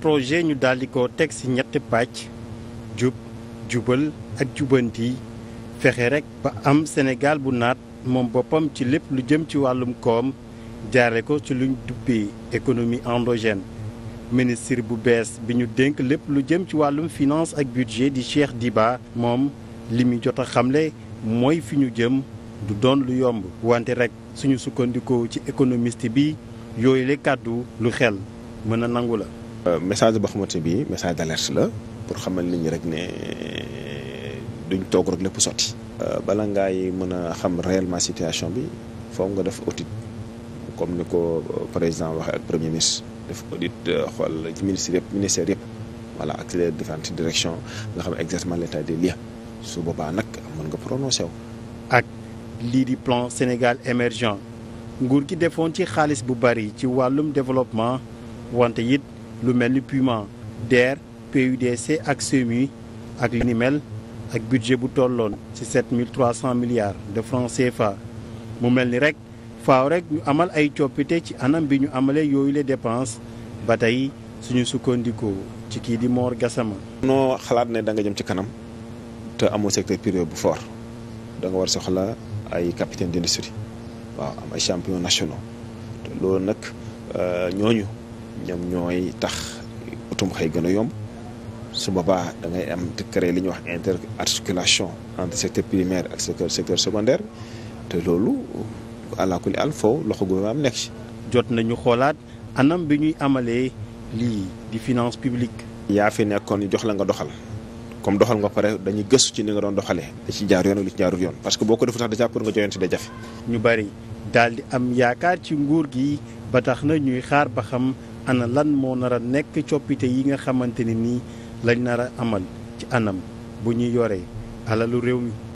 projet ñu daal di ko teg ci ñett pàcc jub jubal ak jubanti fexe rek ba am Sénégal bu naat moom boppam ci lépp lu jëm ci wàllum koom jaare ko ci luñ duppee économie endogène ministre bu bees bi ñu dénk lépp lu jëm ci wàllum finance ak budget di Cheikh Diba moom li mu jot a xamle mooy fi ñu jëm du doon lu yomb wante rek suñu sukkandikoo ci économiste bi yooyu le kàddu lu xel mën a nangu la Euh, message boo xamante bi message d'alerte la pour xamal nit ñi rek ne duñ toog rek lépp sotti. Euh, bala ngaay mën a xam réellement situation bi foog nga def audit comme ni ko euh, président waxee ak premier ministre def audit xool ci ministre yëpp ministère yëpp voilà ak les direction directions nga xam exactement l'état des lieux su boobaa nag mën nga prononcé wu. ak lii di plan Sénégal émergent nguur gi defoon ci xaalis bu bari ci wàllum développement wante it. lu mel ni Puma DER PUDC ak SEMI ak li mel ak budget bu tolloon ci sept mille trois cent milliards de francs CFA mu mel ni rek faaw rek ñu amal ay coppite ci anam bi ñu amalee yooyu les dépenses ba tey suñu sukkandikoo ci kii di Mor Gassama. noo xalaat ne da nga jëm ci kanam te amoo secteur privé bu fort da nga war soxla ay capitaine d'industrie waaw am ay champions nationaux te loolu nag euh, ñooñu. ñoom ñooy tax utum xay gën a yomb su boobaa da ngay am te créer li ñuy wax inter articulation entre secteur primaire ak secteur secteur secondaire te loolu àlakuli àll foofu loxo gouvernement am nekk ci. jot nañu xoolaat anam bi ñuy amalee lii di finance publique. yaa fi nekkoon ñu jox la nga doxal comme doxal nga pare dañu gëstu ci ni nga doon doxalee da ci jaar yoon ak li ci jaarul yoon parce que boo ko deful sax déjà pour nga joyanti day jafe. ñu bari daal ba tax na ñuy xaar ba xam ana lan moo nar a nekk coppite yi nga xamante ne nii lañ nar a amal ci anam bu ñu yoree alalu réew mi.